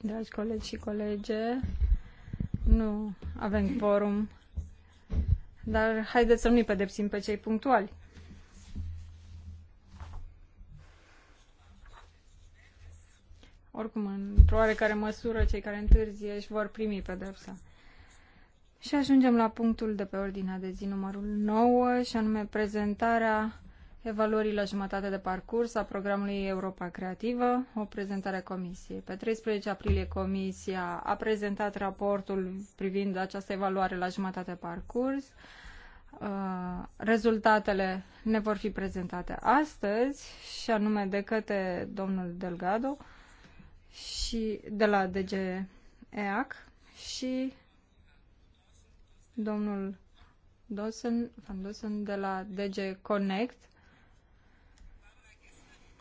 Dragi colegi și colege, nu avem forum, dar haideți să nu-i pedepsim pe cei punctuali. Oricum, într-o oarecare măsură, cei care întârzie își vor primi pedepsa. Și ajungem la punctul de pe ordinea de zi numărul 9, și anume prezentarea evaluării la jumătate de parcurs a programului Europa Creativă, o prezentare a Comisiei. Pe 13 aprilie Comisia a prezentat raportul privind această evaluare la jumătate de parcurs. Uh, rezultatele ne vor fi prezentate astăzi și anume de către domnul Delgado și de la DG EAC și domnul Dosen, Van Dosen de la DG Connect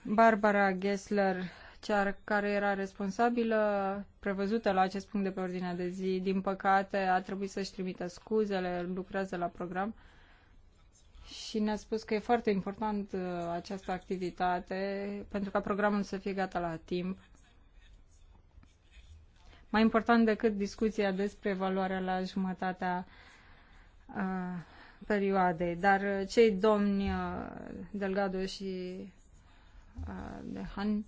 Barbara Gessler, cea care era responsabilă, prevăzută la acest punct de pe ordinea de zi, din păcate a trebuit să-și trimită scuzele, lucrează la program și ne-a spus că e foarte important uh, această activitate pentru ca programul să fie gata la timp. Mai important decât discuția despre valoarea la jumătatea uh, perioadei, dar uh, cei domni uh, Delgado și de Han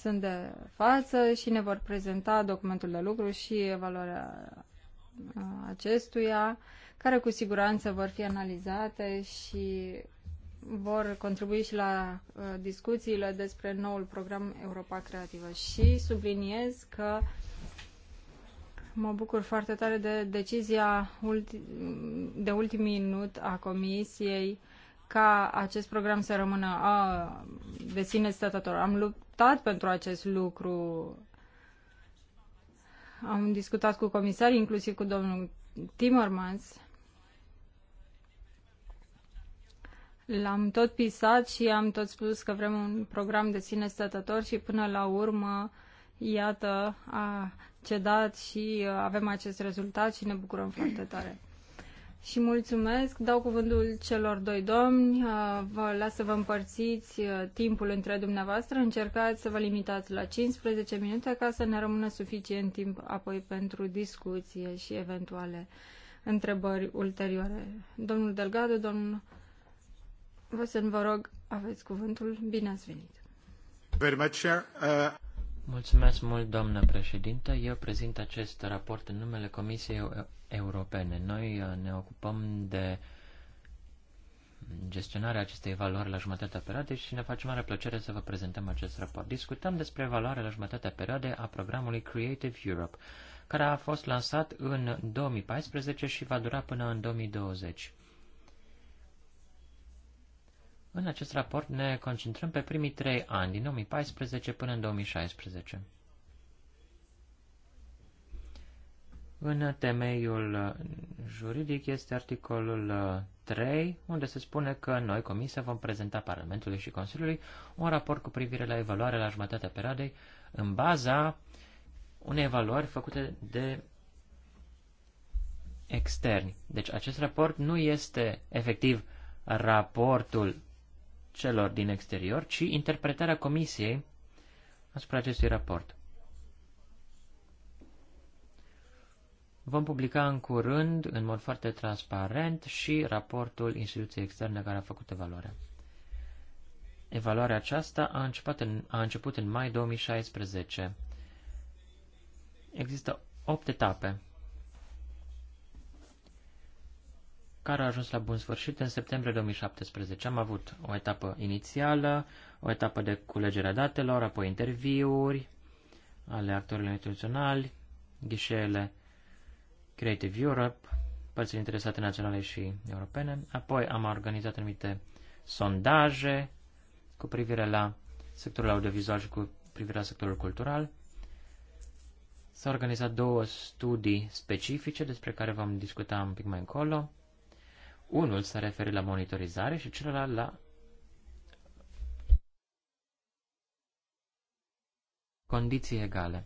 sunt de față și ne vor prezenta documentul de lucru și evaluarea acestuia, care cu siguranță vor fi analizate și vor contribui și la discuțiile despre noul program Europa Creativă. Și subliniez că mă bucur foarte tare de decizia ulti- de ultim minut a Comisiei uh, ca acest program să rămână a, de sine stătător. Am luptat pentru acest lucru. Am discutat cu comisari, inclusiv cu domnul Timmermans. L-am tot pisat și am tot spus că vrem un program de sine stătător și până la urmă, iată, a cedat și avem acest rezultat și ne bucurăm foarte tare și mulțumesc. Dau cuvântul celor doi domni. Uh, vă las să vă împărțiți uh, timpul între dumneavoastră. Încercați să vă limitați la 15 minute ca să ne rămână suficient timp apoi pentru discuție și eventuale întrebări ulterioare. Domnul Delgado, domnul Vosen, vă rog, aveți cuvântul. Bine ați venit. Very much, Chair. Uh... Mulțumesc mult, doamnă președintă. Eu prezint acest raport în numele Comisiei Europene. Noi uh, ne ocupăm de gestionarea acestei valori la jumătatea perioadei și ne face mare plăcere să vă prezentăm acest raport. Discutăm despre valoarea la jumătatea perioadei a programului Creative Europe, care a fost lansat în 2014 și va dura până în 2020. În acest raport ne concentrăm pe primii trei ani, din 2014 până în 2016. În temeiul juridic este articolul 3, unde se spune că noi, Comisia, vom prezenta Parlamentului și Consiliului un raport cu privire la evaluarea la jumătatea perioadei în baza unei evaluări făcute de externi. Deci acest raport nu este efectiv raportul celor din exterior, ci interpretarea Comisiei asupra acestui raport. Vom publica în curând, în mod foarte transparent, și raportul instituției externe care a făcut evaluarea. Evaluarea aceasta a început în, a început în mai 2016. Există opt etape care a ajuns la bun sfârșit în septembrie 2017. Am avut o etapă inițială, o etapă de culegere datelor, apoi interviuri ale actorilor instituționali, ghișeele Creative Europe, părțile interesate naționale și europene. Apoi am organizat anumite sondaje cu privire la sectorul audiovizual și cu privire la sectorul cultural. S-au organizat două studii specifice despre care vom discuta un pic mai încolo. Unul s-a referit la monitorizare și celălalt la condiții egale.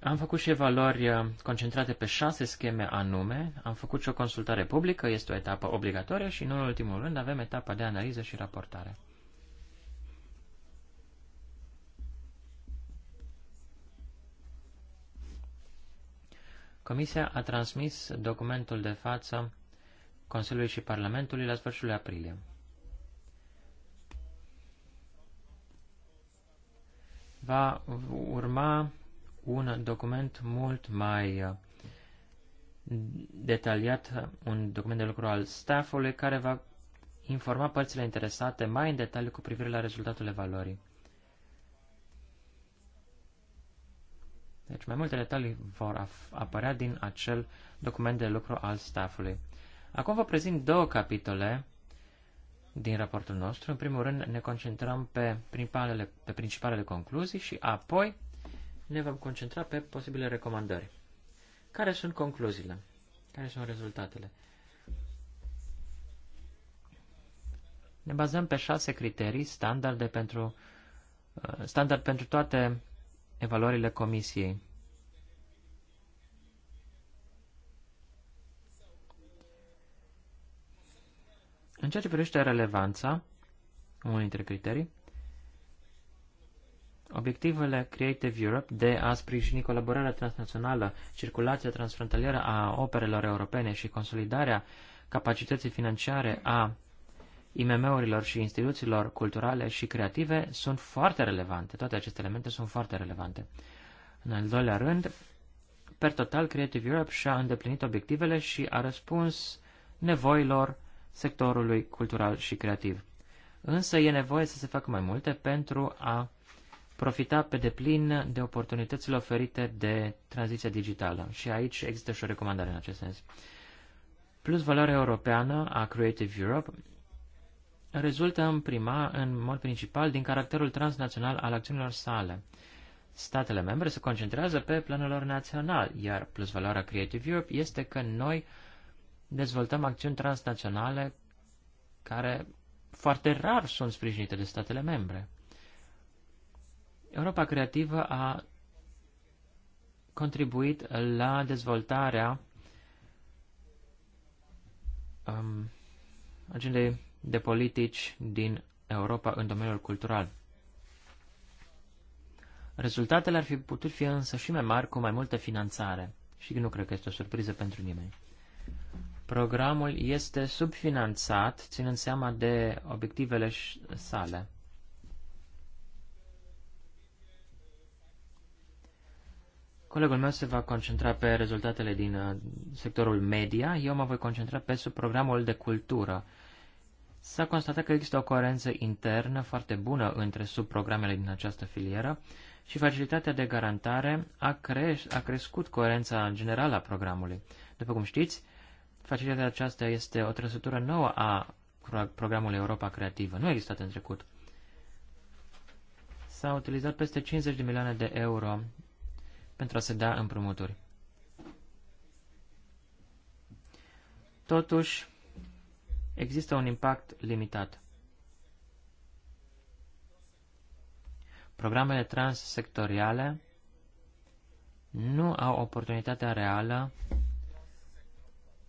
Am făcut și evaluări uh, concentrate pe șase scheme anume, am făcut și o consultare publică, este o etapă obligatorie și, în ultimul rând, avem etapa de analiză și raportare. Comisia a transmis documentul de față Consiliului și Parlamentului la sfârșitul aprilie. Va urma un document mult mai uh, detaliat, un document de lucru al staffului care va informa părțile interesate mai în detaliu cu privire la rezultatul evaluării. Deci mai multe detalii vor apărea din acel document de lucru al staffului. Acum vă prezint două capitole din raportul nostru. În primul rând ne concentrăm pe principalele, pe principalele concluzii și apoi ne vom concentra pe posibile recomandări. Care sunt concluziile? Care sunt rezultatele? Ne bazăm pe șase criterii standarde pentru, uh, standard pentru toate evaluările comisiei. În ceea ce privește relevanța, unul dintre criterii, obiectivele Creative Europe de a sprijini colaborarea transnațională, circulația transfrontalieră a operelor europene și consolidarea capacității financiare a IMM-urilor și instituțiilor culturale și creative sunt foarte relevante. Toate aceste elemente sunt foarte relevante. În al doilea rând, per total, Creative Europe și-a îndeplinit obiectivele și a răspuns nevoilor sectorului cultural și creativ. Însă e nevoie să se facă mai multe pentru a profita pe deplin de oportunitățile oferite de tranziția digitală. Și aici există și o recomandare în acest sens. Plus valoarea europeană a Creative Europe rezultă în, prima, în mod principal din caracterul transnațional al acțiunilor sale. Statele membre se concentrează pe planul lor național, iar plus valoarea Creative Europe este că noi dezvoltăm acțiuni transnaționale care foarte rar sunt sprijinite de statele membre. Europa Creativă a contribuit la dezvoltarea um, agendei de politici din Europa în domeniul cultural. Rezultatele ar fi putut fi însă și mai mari cu mai multă finanțare și nu cred că este o surpriză pentru nimeni. Programul este subfinanțat, ținând seama de obiectivele sale. Colegul meu se va concentra pe rezultatele din uh, sectorul media, eu mă voi concentra pe subprogramul de cultură, S-a constatat că există o coerență internă foarte bună între subprogramele din această filieră și facilitatea de garantare a, creș- a crescut coerența generală a programului. După cum știți, facilitatea aceasta este o trăsătură nouă a programului Europa Creativă. Nu a existat în trecut. S-a utilizat peste 50 de milioane de euro pentru a se da împrumuturi. Totuși, există un impact limitat. Programele transsectoriale nu au oportunitatea reală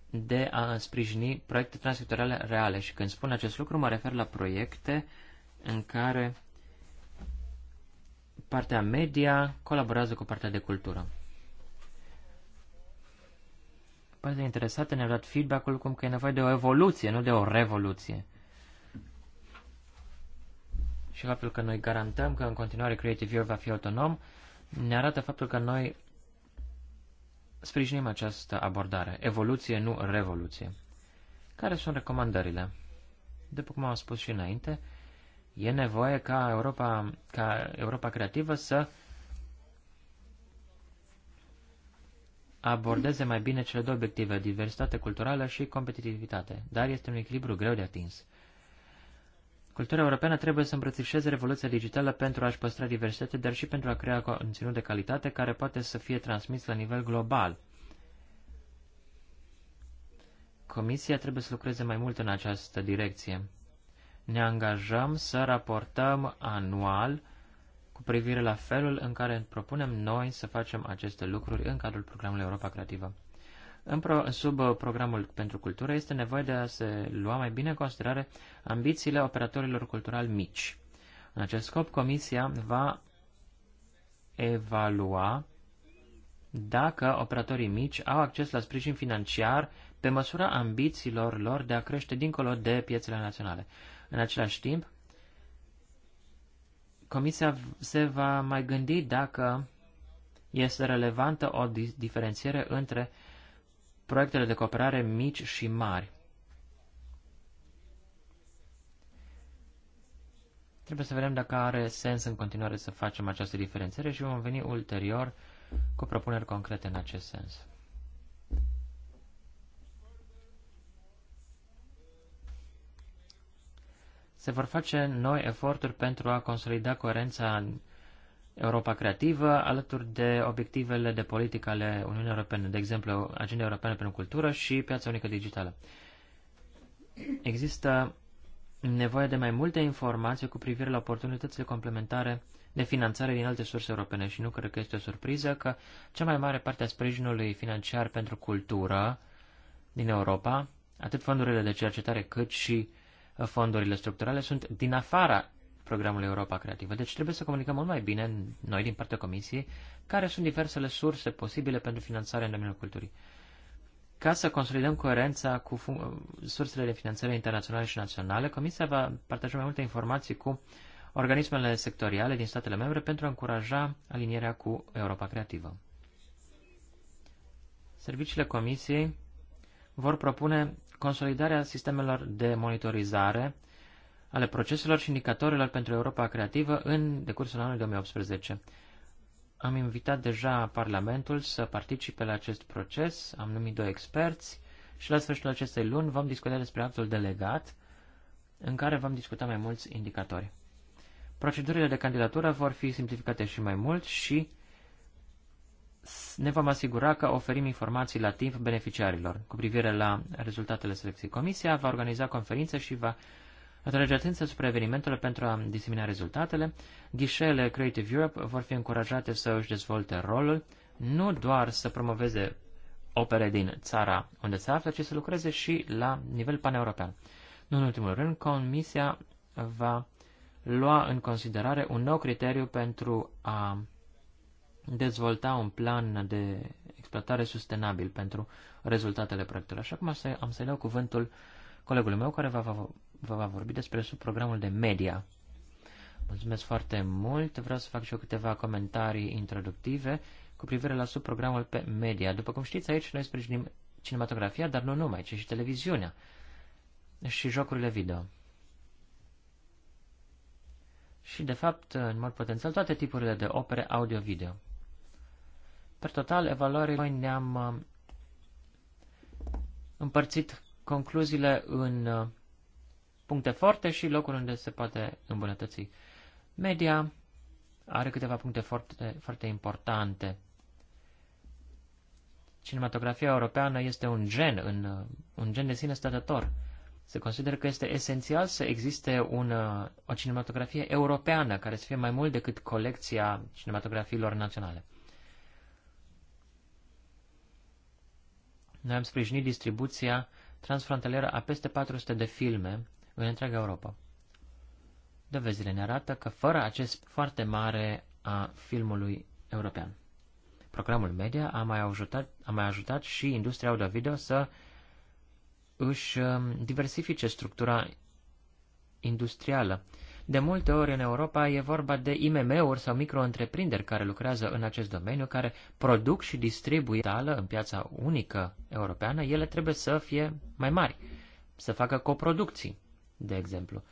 de a sprijini proiecte transsectoriale reale. Și când spun acest lucru, mă refer la proiecte în care partea media colaborează cu partea de cultură părțile interesate ne-au dat feedback-ul cum că e nevoie de o evoluție, nu de o revoluție. Și faptul că noi garantăm că în continuare Creative Europe va fi autonom ne arată faptul că noi sprijinim această abordare. Evoluție, nu revoluție. Care sunt recomandările? După cum am spus și înainte, e nevoie ca Europa, ca Europa creativă să uh, abordeze mai bine cele două obiective, diversitate culturală și competitivitate, dar este un echilibru greu de atins. Cultura europeană trebuie să îmbrățișeze revoluția digitală pentru a-și păstra diversitatea, dar și pentru a crea conținut de calitate care poate să fie transmis la nivel global. Comisia trebuie să lucreze mai mult în această direcție. Ne angajăm să raportăm anual cu privire la felul în care propunem noi să facem aceste lucruri în cadrul programului Europa Creativă. În pro, sub uh, programul pentru cultură este nevoie de a se lua mai bine în considerare ambițiile operatorilor culturali mici. În acest scop, Comisia va evalua dacă operatorii mici au acces la sprijin financiar pe măsura ambițiilor lor de a crește dincolo de piețele naționale. În același timp, Comisia se va mai gândi dacă este relevantă o diferențiere între proiectele de cooperare mici și mari. Trebuie să vedem dacă are sens în continuare să facem această diferențiere și vom veni ulterior cu propuneri concrete în acest sens. se vor face noi eforturi pentru a consolida coerența în Europa creativă, alături de obiectivele de politică ale Uniunii Europene, de exemplu, Agenda Europeană pentru Cultură și Piața Unică Digitală. Există nevoie de mai multe informații cu privire la oportunitățile complementare de finanțare din alte surse europene și nu cred că este o surpriză că cea mai mare parte a sprijinului financiar pentru cultură din Europa, atât fondurile de cercetare cât și uh, fondurile structurale sunt din afara programului Europa Creativă. Deci trebuie să comunicăm mult mai bine noi din partea Comisiei care sunt diversele surse posibile pentru finanțarea în domeniul culturii. Ca să consolidăm coerența cu sursele de finanțare internaționale și naționale, Comisia va partaja mai multe informații cu organismele sectoriale din statele membre pentru a încuraja alinierea cu Europa Creativă. Serviciile Comisiei vor propune consolidarea sistemelor de monitorizare ale proceselor și indicatorilor pentru Europa Creativă în decursul anului 2018. Am invitat deja Parlamentul să participe la acest proces, am numit doi experți și la sfârșitul acestei luni vom discuta despre actul delegat, în care vom discuta mai mulți indicatori. Procedurile de candidatură vor fi simplificate și mai mult și ne vom asigura că oferim informații la timp beneficiarilor. Cu privire la rezultatele selecției, comisia va organiza conferințe și va atrage atenția asupra evenimentelor pentru a disemina rezultatele. Ghișele Creative Europe vor fi încurajate să își dezvolte rolul, nu doar să promoveze opere din țara unde se află, ci să lucreze și la nivel paneuropean. Nu în ultimul rând, comisia va lua în considerare un nou criteriu pentru a dezvolta un plan de exploatare sustenabil pentru rezultatele proiectului. Așa cum am să-i dau cuvântul colegului meu care va, va, va vorbi despre subprogramul de media. Mulțumesc foarte mult, vreau să fac și eu câteva comentarii introductive cu privire la subprogramul pe media. După cum știți, aici noi sprijinim cinematografia, dar nu numai, ci și televiziunea și jocurile video. Și, de fapt, în mod potențial, toate tipurile de opere audio-video. Per total, evaluării noi ne-am uh, împărțit concluziile în uh, puncte forte și locuri unde se poate îmbunătăți. Media are câteva puncte foarte, foarte importante. Cinematografia europeană este un gen, un, uh, un gen de sine stătător. Se consideră că este esențial să existe un, o cinematografie europeană care să fie mai mult decât colecția cinematografiilor naționale. Noi am sprijinit distribuția transfrontalieră a peste 400 de filme în întreaga Europa. Dovezile ne arată că fără acest foarte mare a filmului european. Programul media a mai ajutat, a mai ajutat și industria audio-video să își um, diversifice structura industrială. De multe ori în Europa e vorba de IMM-uri sau micro-întreprinderi care lucrează în acest domeniu, care produc și distribuie tală în piața unică europeană, ele trebuie să fie mai mari, să facă coproducții, de exemplu,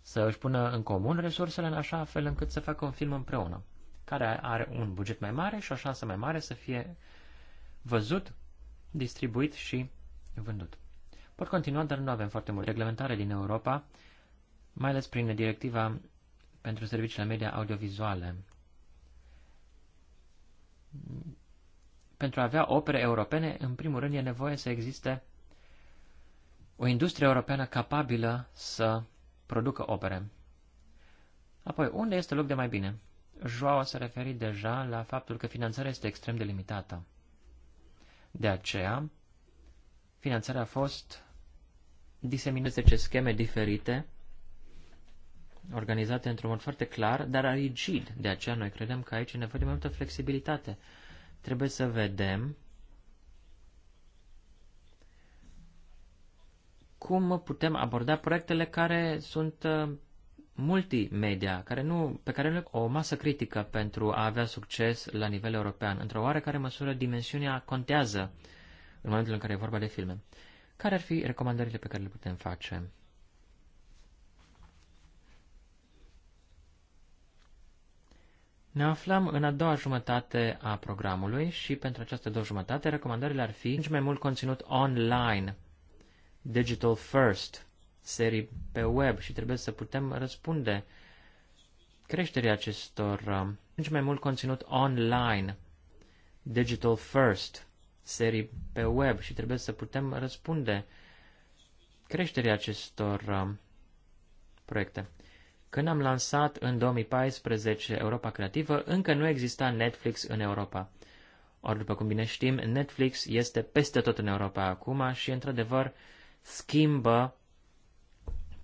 să își pună în comun resursele în așa fel încât să facă un film împreună, care are un buget mai mare și o șansă mai mare să fie văzut, distribuit și vândut. Pot continua, dar nu avem foarte mult reglementare din Europa mai ales prin directiva pentru serviciile media audiovizuale. Pentru a avea opere europene, în primul rând, e nevoie să existe o industrie europeană capabilă să producă opere. Apoi, unde este loc de mai bine? Joao s-a referit deja la faptul că finanțarea este extrem de limitată. De aceea, finanțarea a fost diseminată ce scheme diferite organizate într-un mod foarte clar, dar rigid. De aceea noi credem că aici e nevoie de mai multă flexibilitate. Trebuie să vedem cum putem aborda proiectele care sunt uh, multimedia, care nu, pe care nu o masă critică pentru a avea succes la nivel european. Într-o oarecare măsură, dimensiunea contează în momentul în care e vorba de filme. Care ar fi recomandările pe care le putem face? Ne aflăm în a doua jumătate a programului și pentru această două jumătate recomandările ar fi mai mult conținut online, digital first, serii pe web și trebuie să putem răspunde creșterii acestor uh, mai mult conținut online, digital first, serii pe web și trebuie să putem răspunde creșterii acestor uh, proiecte. Când am lansat în 2014 Europa Creativă, încă nu exista Netflix în Europa. Ori, după cum bine știm, Netflix este peste tot în Europa acum și, într-adevăr, schimbă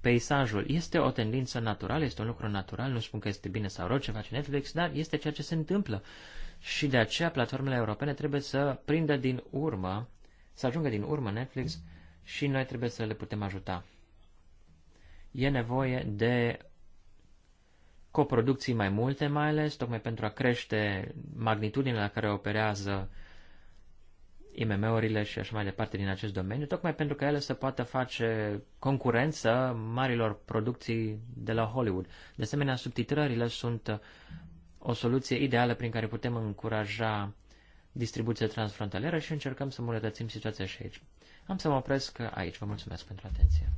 peisajul. Este o tendință naturală, este un lucru natural, nu spun că este bine sau rău ce face Netflix, dar este ceea ce se întâmplă. Și de aceea platformele europene trebuie să prindă din urmă, să ajungă din urmă Netflix și noi trebuie să le putem ajuta. E nevoie de coproducții mai multe, mai ales, tocmai pentru a crește magnitudinea la care operează IMM-urile și așa mai departe din acest domeniu, tocmai pentru că ele să poată face concurență marilor producții de la Hollywood. De asemenea, subtitrările sunt o soluție ideală prin care putem încuraja distribuție transfrontalieră și încercăm să îmbunătățim situația și aici. Am să mă opresc aici. Vă mulțumesc pentru atenție.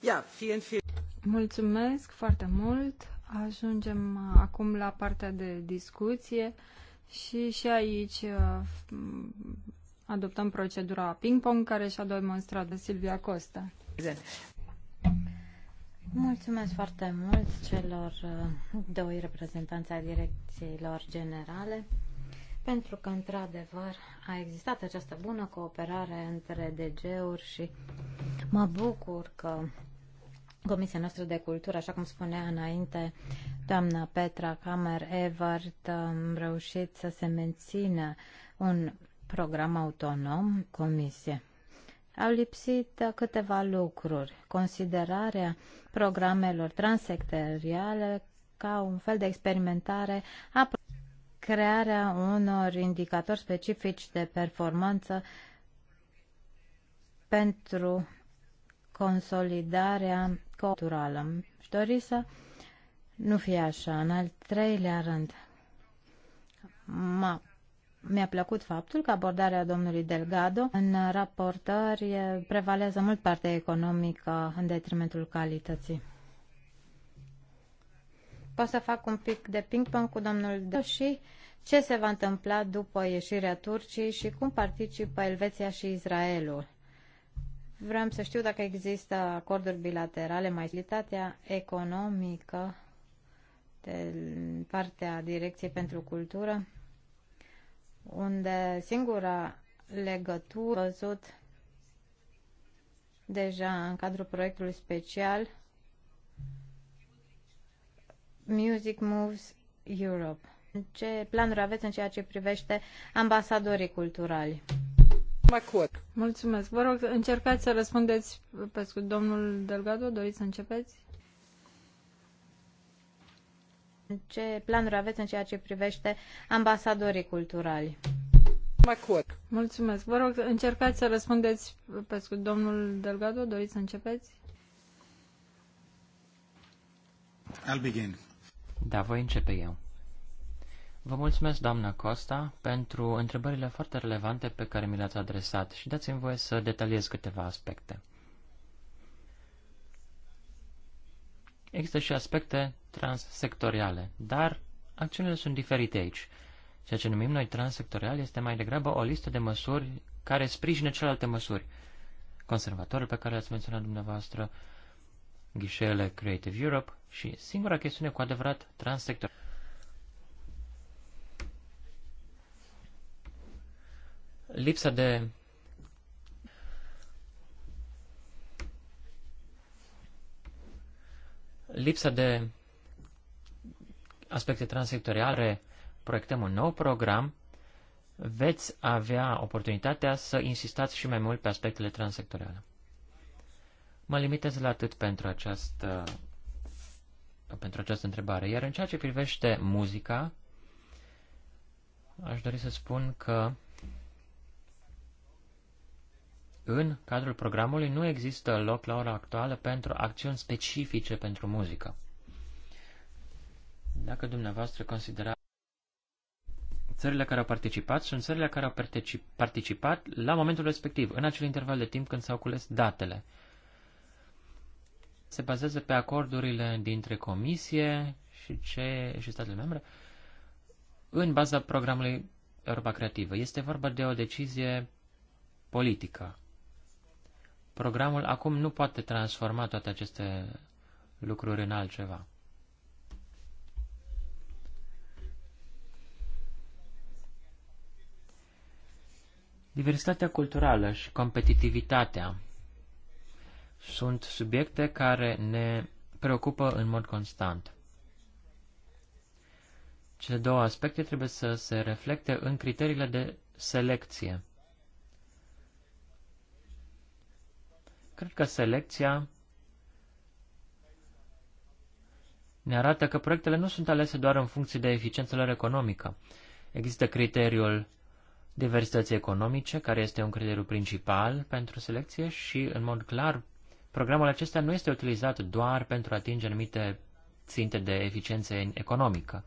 Yeah, fie, Mulțumesc foarte mult. Ajungem uh, acum la partea de discuție și și aici uh, adoptăm procedura ping-pong care și-a demonstrat de Silvia Costa. Mulțumesc foarte mult celor uh, doi reprezentanți ai direcțiilor generale pentru că, într-adevăr, a existat această bună cooperare între DG-uri și mă bucur că Comisia noastră de cultură, așa cum spunea înainte doamna Petra Kammer-Evert, am reușit să se mențină un program autonom, comisie. Au lipsit câteva lucruri. Considerarea programelor transsectoriale ca un fel de experimentare a crearea unor indicatori specifici de performanță pentru consolidarea culturală. Și dori să nu fie așa. În al treilea rând, m-a, mi-a plăcut faptul că abordarea domnului Delgado în raportări prevalează mult partea economică în detrimentul calității. Pot să fac un pic de ping-pong cu domnul Delgado și ce se va întâmpla după ieșirea Turciei și cum participă Elveția și Israelul Vreau să știu dacă există acorduri bilaterale, mai facilitatea economică de partea Direcției pentru Cultură, unde singura legătură văzut deja în cadrul proiectului special Music Moves Europe. Ce planuri aveți în ceea ce privește ambasadorii culturali? Vă rog, încercați să răspundeți pe scurt. Domnul Delgado, doriți să începeți? Ce planuri aveți în ceea ce privește ambasadorii culturali? Mulțumesc. Vă rog, încercați să răspundeți pe scurt. Domnul Delgado, doriți să începeți? I'll begin. Da, voi începe eu. Vă mulțumesc, doamna Costa, pentru întrebările foarte relevante pe care mi le-ați adresat și dați-mi voie să detaliez câteva aspecte. Există și aspecte transsectoriale, dar acțiunile sunt diferite aici. Ceea ce numim noi transsectorial este mai degrabă o listă de măsuri care sprijină celelalte măsuri. Conservatorul pe care l-ați menționat dumneavoastră, ghișeele Creative Europe și singura chestiune cu adevărat transsectorială lipsa de lipsa de aspecte transectoriale proiectăm un nou program, veți avea oportunitatea să insistați și mai mult pe aspectele transectoriale. Mă limitez la atât pentru această, pentru această întrebare. Iar în ceea ce privește muzica, aș dori să spun că în cadrul programului nu există loc la ora actuală pentru acțiuni specifice pentru muzică. Dacă dumneavoastră considerați țările care au participat sunt țările care au participat la momentul respectiv, în acel interval de timp când s-au cules datele. Se bazează pe acordurile dintre comisie și, ce, și statele membre în baza programului Europa Creativă. Este vorba de o decizie politică. Programul acum nu poate transforma toate aceste lucruri în altceva. Diversitatea culturală și competitivitatea sunt subiecte care ne preocupă în mod constant. Cele două aspecte trebuie să se reflecte în criteriile de selecție Cred că selecția ne arată că proiectele nu sunt alese doar în funcție de eficiența lor economică. Există criteriul diversității economice, care este un criteriu principal pentru selecție și, în mod clar, programul acesta nu este utilizat doar pentru a atinge anumite ținte de eficiență economică.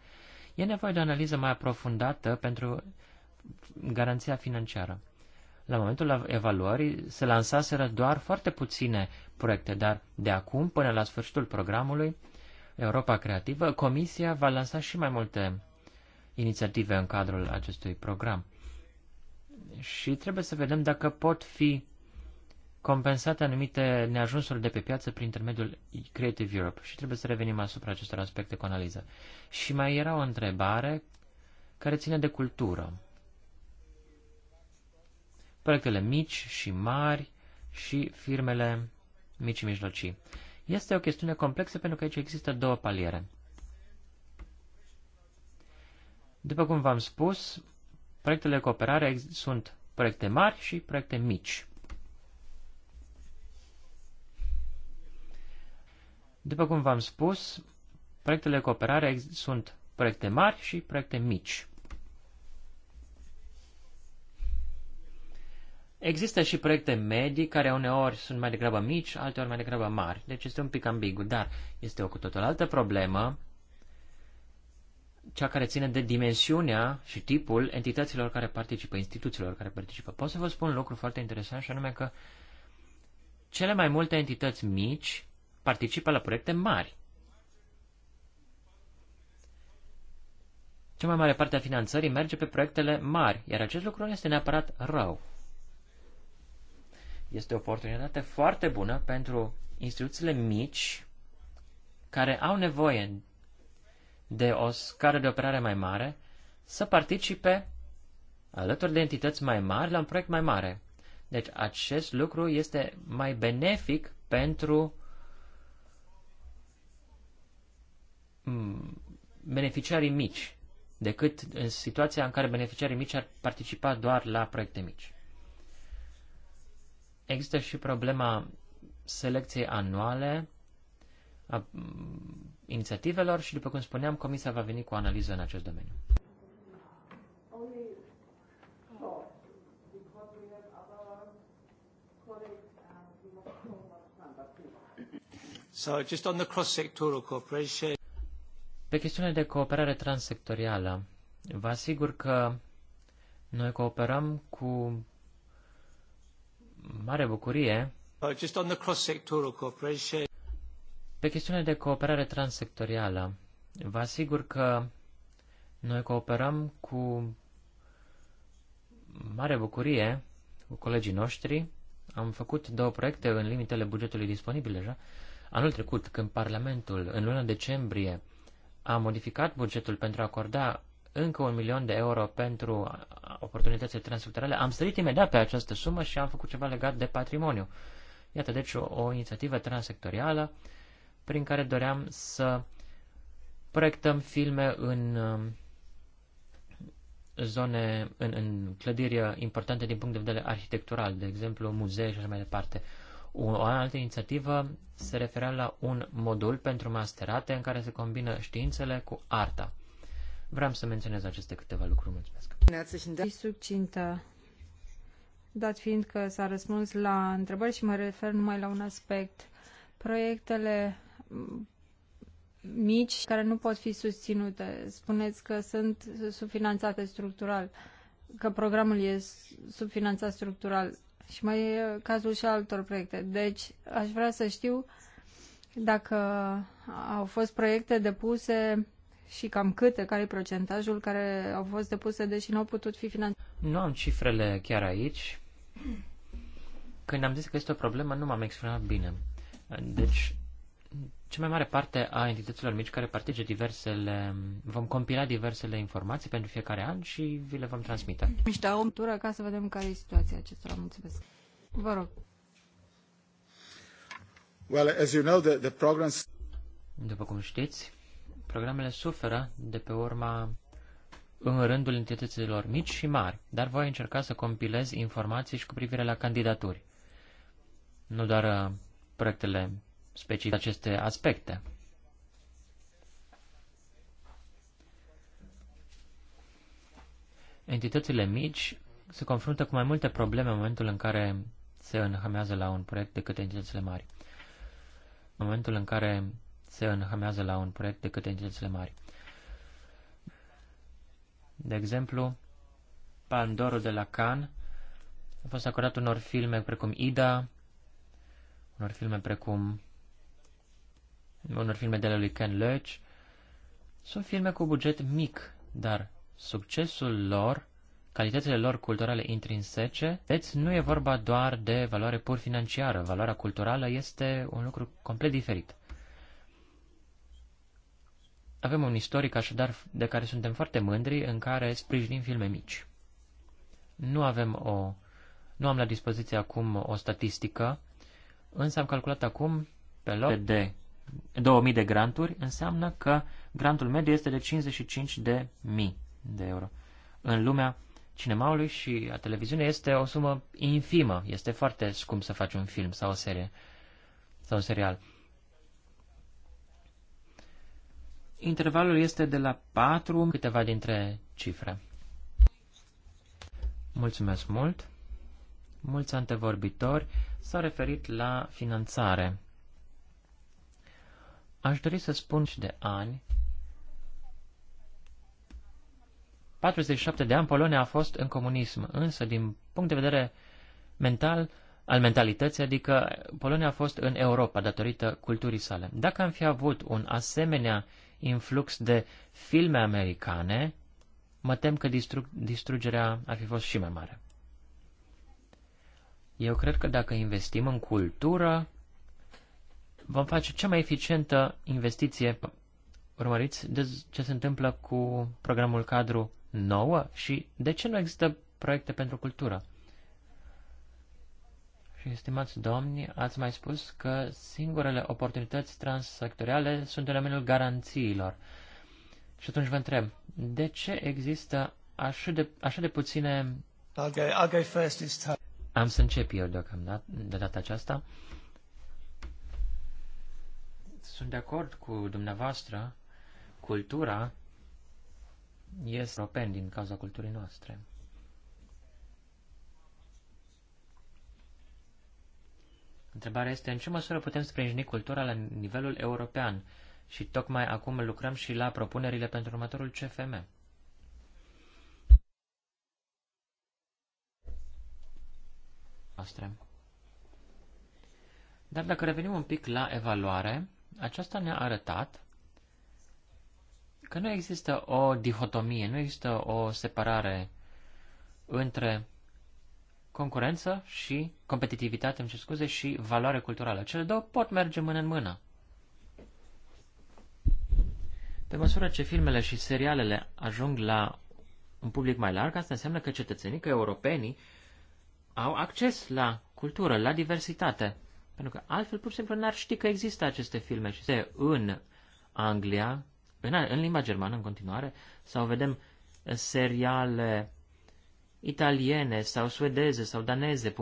E nevoie de o analiză mai aprofundată pentru garanția financiară la momentul evaluării se lansaseră doar foarte puține proiecte, dar de acum până la sfârșitul programului Europa Creativă, Comisia va lansa și mai multe inițiative în cadrul acestui program. Și trebuie să vedem dacă pot fi compensate anumite neajunsuri de pe piață prin intermediul Creative Europe și trebuie să revenim asupra acestor aspecte cu analiză. Și mai era o întrebare care ține de cultură proiectele mici și mari și firmele mici și mijlocii. Este o chestiune complexă pentru că aici există două paliere. După cum v-am spus, proiectele de cooperare sunt proiecte mari și proiecte mici. După cum v-am spus, proiectele de cooperare sunt proiecte mari și proiecte mici. Există și proiecte medii care uneori sunt mai degrabă mici, alteori mai degrabă mari, deci este un pic ambigu, dar este o cu totul altă problemă, cea care ține de dimensiunea și tipul entităților care participă, instituțiilor care participă. Pot să vă spun un lucru foarte interesant și anume că cele mai multe entități mici participă la proiecte mari. Cea mai mare parte a finanțării merge pe proiectele mari, iar acest lucru nu este neapărat rău. Este o oportunitate foarte bună pentru instituțiile mici care au nevoie de o scară de operare mai mare să participe alături de entități mai mari la un proiect mai mare. Deci acest lucru este mai benefic pentru mm, beneficiarii mici decât în situația în care beneficiarii mici ar participa doar la proiecte mici. Există și problema selecției anuale a inițiativelor și, după cum spuneam, Comisia va veni cu o analiză în acest domeniu. Oh, so, just on the cross-sectoral cooperation. Pe chestiunea de cooperare transsectorială, vă asigur că noi cooperăm cu mare bucurie uh, pe chestiunea de cooperare transsectorială. Vă asigur că noi cooperăm cu mare bucurie cu colegii noștri. Am făcut două proiecte în limitele bugetului disponibil deja. Anul trecut, când Parlamentul, în luna decembrie, a modificat bugetul pentru a acorda încă un milion de euro pentru oportunitățile transculturale. Am sărit imediat pe această sumă și am făcut ceva legat de patrimoniu. Iată, deci, o, o inițiativă transsectorială prin care doream să proiectăm filme în um, zone, în, în clădiri importante din punct de vedere arhitectural, de exemplu muzee și așa mai departe. O altă inițiativă se referea la un modul pentru masterate în care se combină științele cu arta. Vreau să menționez aceste câteva lucruri. Mulțumesc. Succintă. Dat fiind că s-a răspuns la întrebări și mă refer numai la un aspect. Proiectele mici care nu pot fi susținute. Spuneți că sunt subfinanțate structural, că programul e subfinanțat structural și mai e cazul și altor proiecte. Deci aș vrea să știu dacă au fost proiecte depuse și cam câte, care e procentajul care au fost depuse, deși nu au putut fi finanțate? Nu am cifrele chiar aici. Când am zis că este o problemă, nu m-am exprimat bine. Deci, cea mai mare parte a entităților mici care participă diversele, vom compila diversele informații pentru fiecare an și vi le vom transmite. Miște o tură ca să vedem care e situația acestora. Mulțumesc. Vă rog. Well, as you know, the, the programs... După cum știți, Programele suferă de pe urma în rândul entităților mici și mari, dar voi încerca să compilez informații și cu privire la candidaturi. Nu doar uh, proiectele specifice aceste aspecte. Entitățile mici se confruntă cu mai multe probleme în momentul în care se înhamează la un proiect decât entitățile mari. În momentul în care se înhămează la un proiect decât entitățile mari. De exemplu, Pandorul de la Cannes a fost acordat unor filme precum Ida, unor filme precum unor filme de la lui Ken Loach. Sunt filme cu buget mic, dar succesul lor, calitățile lor culturale intrinsece, deci nu e vorba doar de valoare pur financiară. Valoarea culturală este un lucru complet diferit. Avem un istoric așadar de care suntem foarte mândri, în care sprijinim filme mici. Nu avem o... Nu am la dispoziție acum o statistică, însă am calculat acum pe loc de 2000 de granturi, înseamnă că grantul mediu este de 55 de mii de euro. În lumea cinemaului și a televiziunii este o sumă infimă, este foarte scump să faci un film sau o serie sau un serial. Intervalul este de la 4, câteva dintre cifre. Mulțumesc mult! Mulți antevorbitori s-au referit la finanțare. Aș dori să spun și de ani. 47 de ani Polonia a fost în comunism, însă din punct de vedere mental, al mentalității, adică Polonia a fost în Europa datorită culturii sale. Dacă am fi avut un asemenea influx de filme americane, mă tem că distru- distrugerea ar fi fost și mai mare. Eu cred că dacă investim în cultură, vom face cea mai eficientă investiție. Urmăriți ce se întâmplă cu programul cadru nouă și de ce nu există proiecte pentru cultură. Estimați domni, ați mai spus că singurele oportunități transsectoriale sunt în domeniul garanțiilor. Și atunci vă întreb, de ce există așa de, așa de puține... I'll go, I'll go first this time. Am să încep eu deocamdată, de data aceasta. Sunt de acord cu dumneavoastră, cultura este european din cauza culturii noastre. Întrebarea este în ce măsură putem sprijini cultura la nivelul european și tocmai acum lucrăm și la propunerile pentru următorul CFM. Noastre. Dar dacă revenim un pic la evaluare, aceasta ne-a arătat că nu există o dihotomie, nu există o separare între concurență și competitivitate, îmi cer scuze, și valoare culturală. Cele două pot merge mână în mână. Pe măsură ce filmele și serialele ajung la un public mai larg, asta înseamnă că cetățenii, că europenii, au acces la cultură, la diversitate. Pentru că altfel pur și simplu n-ar ști că există aceste filme și se în Anglia, în, în limba germană în continuare, sau vedem seriale italiene sau suedeze sau daneze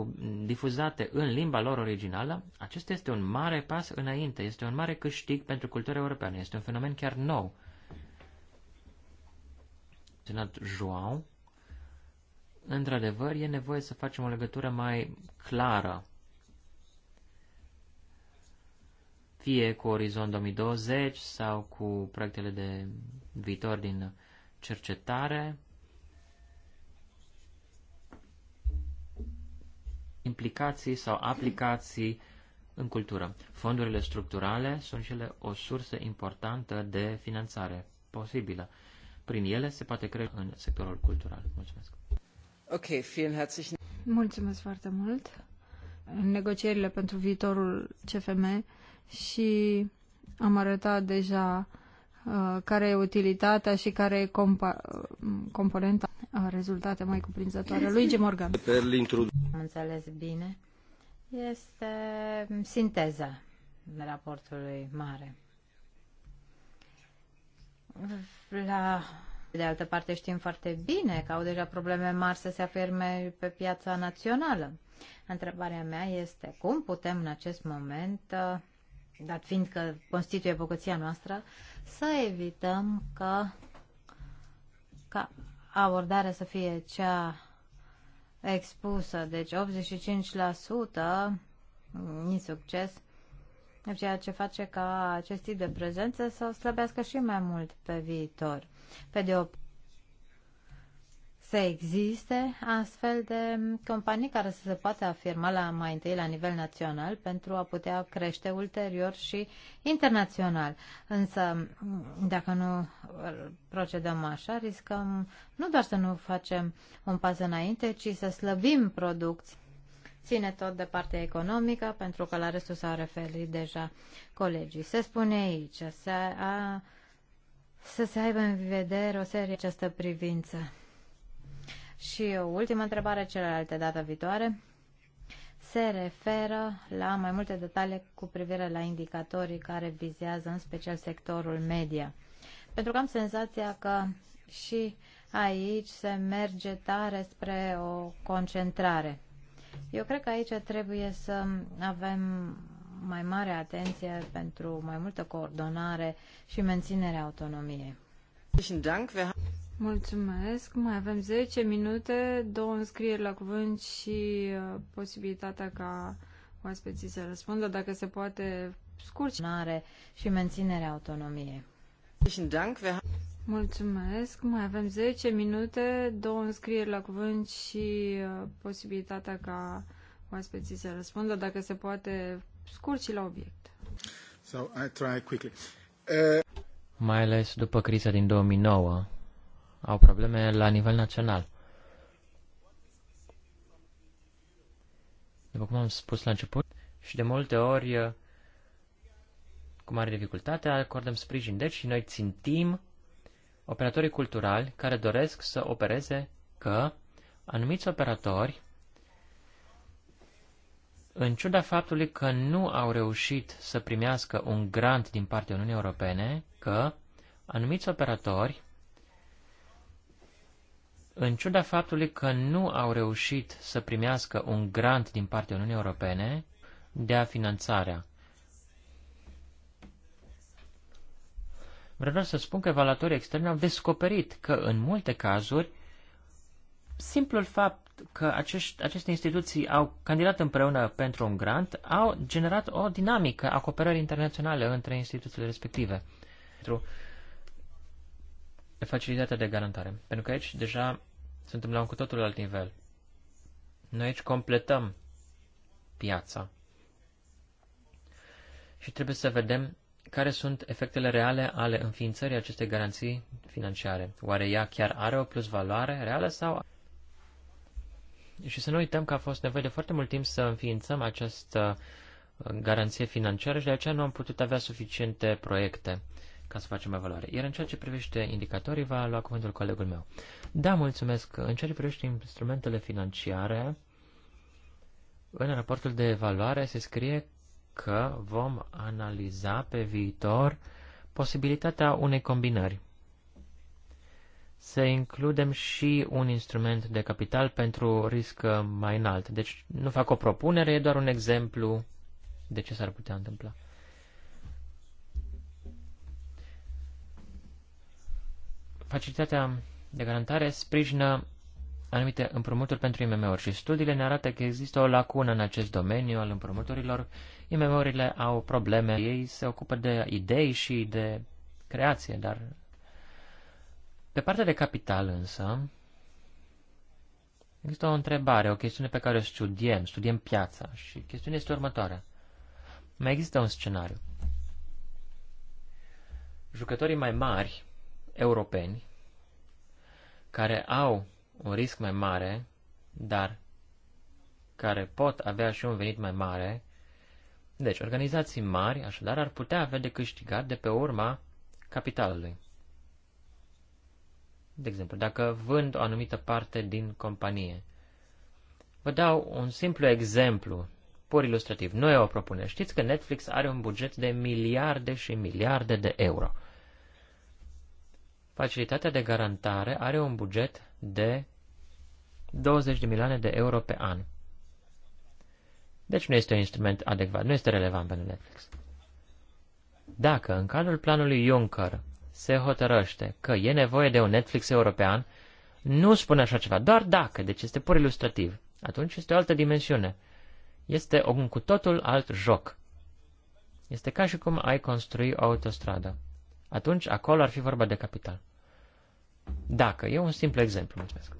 difuzate în limba lor originală, acesta este un mare pas înainte, este un mare câștig pentru cultura europeană, este un fenomen chiar nou. Senat João, într-adevăr, e nevoie să facem o legătură mai clară fie cu Orizont 2020 sau cu proiectele de viitor din cercetare, implicații sau aplicații în cultură. Fondurile structurale sunt cele o sursă importantă de finanțare posibilă. Prin ele se poate crea în sectorul cultural. Mulțumesc. Ok, vielen herzlichen Mulțumesc foarte mult. În negocierile pentru viitorul CFM și am arătat deja uh, care e utilitatea și care e componenta rezultate mai cuprinzătoare. Luigi Morgan. Am înțeles bine. Este sinteza raportului mare. La de altă parte știm foarte bine că au deja probleme mari să se afirme pe piața națională. Întrebarea mea este cum putem în acest moment, dat fiind că constituie bogăția noastră, să evităm că ca abordarea să fie cea expusă, deci 85% ni mm, succes, deci, ceea ce face ca acest tip de prezență să o slăbească și mai mult pe viitor. Pe de o să existe astfel de companii care să se poată afirma la mai întâi la nivel național pentru a putea crește ulterior și internațional. Însă, dacă nu procedăm așa, riscăm nu doar să nu facem un pas înainte, ci să slăbim producții. Ține tot de partea economică, pentru că la restul s-au referit deja colegii. Se spune aici, să a, să se aibă în vedere o serie această privință. Și o ultimă întrebare, celelalte data viitoare, se referă la mai multe detalii cu privire la indicatorii care vizează în special sectorul media. Pentru că am senzația că și aici se merge tare spre o concentrare. Eu cred că aici trebuie să avem mai mare atenție pentru mai multă coordonare și menținerea autonomiei. Mulțumesc. Mai avem 10 minute, două înscrieri la cuvânt și uh, posibilitatea ca oaspeții să răspundă, dacă se poate, scurt. Mare și menținerea autonomiei. Mulțumesc. Mai avem 10 minute, două înscrieri la cuvânt și uh, posibilitatea ca oaspeții să răspundă, dacă se poate, scurt și la obiect. So I try quickly. Uh... Mai ales după criza din 2009, au probleme la nivel național. După cum am spus la început, și de multe ori, uh, cu mare dificultate, acordăm sprijin. Deci noi țintim operatorii culturali care doresc să opereze că anumiți operatori, în ciuda faptului că nu au reușit să primească un grant din partea Uniunii Europene, că anumiți operatori în ciuda faptului că nu au reușit să primească un grant din partea Uniunii Europene, dea finanțarea. Vreau să spun că evaluatorii externi au descoperit că, în multe cazuri, simplul fapt că acești, aceste instituții au candidat împreună pentru un grant au generat o dinamică a cooperării internaționale între instituțiile respective. Pentru facilitatea de garantare. Pentru că aici deja suntem la un cu totul alt nivel. Noi aici completăm piața. Și trebuie să vedem care sunt efectele reale ale înființării acestei garanții financiare. Oare ea chiar are o plus valoare reală sau... Și să nu uităm că a fost nevoie de foarte mult timp să înființăm această uh, garanție financiară și de aceea nu am putut avea suficiente proiecte ca să facem evaluare. Iar în ceea ce privește indicatorii, va lua cuvântul colegul meu. Da, mulțumesc. În ceea ce privește instrumentele financiare, în raportul de evaluare se scrie că vom analiza pe viitor posibilitatea unei combinări. Să includem și un instrument de capital pentru risc mai înalt. Deci nu fac o propunere, e doar un exemplu de ce s-ar putea întâmpla. Facilitatea de garantare sprijină anumite împrumuturi pentru IMM-uri și studiile ne arată că există o lacună în acest domeniu al împrumuturilor. IMM-urile au probleme, ei se ocupă de idei și de creație, dar pe partea de capital însă există o întrebare, o chestiune pe care o studiem, studiem piața și chestiunea este următoarea. Mai există un scenariu. Jucătorii mai mari europeni care au un risc mai mare, dar care pot avea și un venit mai mare. Deci, organizații mari, așadar, ar putea avea de câștigat de pe urma capitalului. De exemplu, dacă vând o anumită parte din companie. Vă dau un simplu exemplu, pur ilustrativ. Nu e o propunere. Știți că Netflix are un buget de miliarde și miliarde de euro. Facilitatea de garantare are un buget de 20 de milioane de euro pe an. Deci nu este un instrument adecvat, nu este relevant pentru Netflix. Dacă în cadrul planului Juncker se hotărăște că e nevoie de un Netflix european, nu spune așa ceva, doar dacă, deci este pur ilustrativ. Atunci este o altă dimensiune. Este un cu totul alt joc. Este ca și cum ai construi o autostradă atunci acolo ar fi vorba de capital. Dacă, e un simplu exemplu, mulțumesc.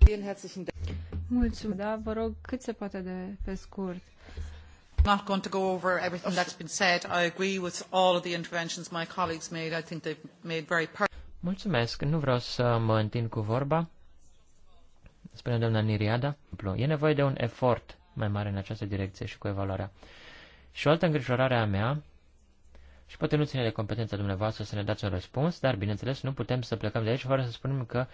Mulțumesc, da, vă rog, cât se poate de pe scurt. I'm not going to go over everything that's been said. I agree with all of the interventions my colleagues made. I think they've made very Mulțumesc, nu vreau să mă întind cu vorba. Spune doamna Niriada, e nevoie de un efort mai mare în această direcție și cu evaluarea. Și o altă îngrijorare a mea și poate nu ține de competența dumneavoastră să ne dați un răspuns, dar bineînțeles nu putem să plecăm de aici fără să spunem că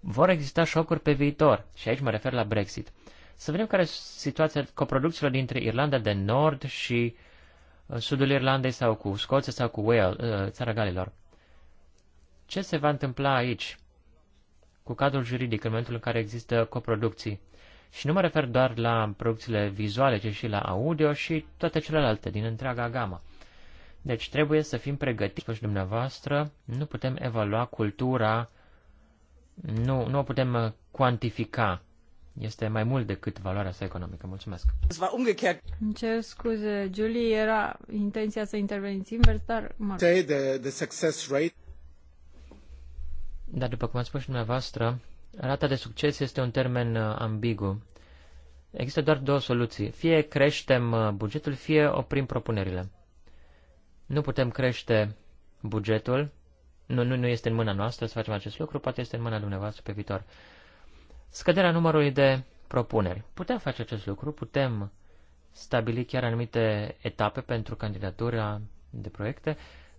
vor exista șocuri pe viitor și aici mă refer la Brexit. Să vedem care este situația coproducțiilor dintre Irlanda de Nord și uh, sudul Irlandei sau cu Scoția sau cu Wales, uh, țara Galilor. Ce se va întâmpla aici cu cadrul juridic în momentul în care există coproducții? Și nu mă refer doar la producțiile vizuale, ci și la audio și toate celelalte din întreaga gamă. Deci trebuie să fim pregătiți. Spus dumneavoastră, nu putem evalua cultura, nu, nu o putem uh, cuantifica. Este mai mult decât valoarea sa economică. Mulțumesc. Îmi cer scuze, Julie, era intenția să interveniți invers, dar... Say the, the success rate. Dar după cum ați spus și dumneavoastră, rata de succes este un termen uh, ambigu. Există doar două soluții. Fie creștem uh, bugetul, fie oprim propunerile. Nu putem crește bugetul, nu, nu, nu este în mâna noastră să facem acest lucru, poate este în mâna dumneavoastră pe viitor. Scăderea numărului de propuneri. Putem face acest lucru, putem stabili chiar anumite etape pentru candidatura de proiecte,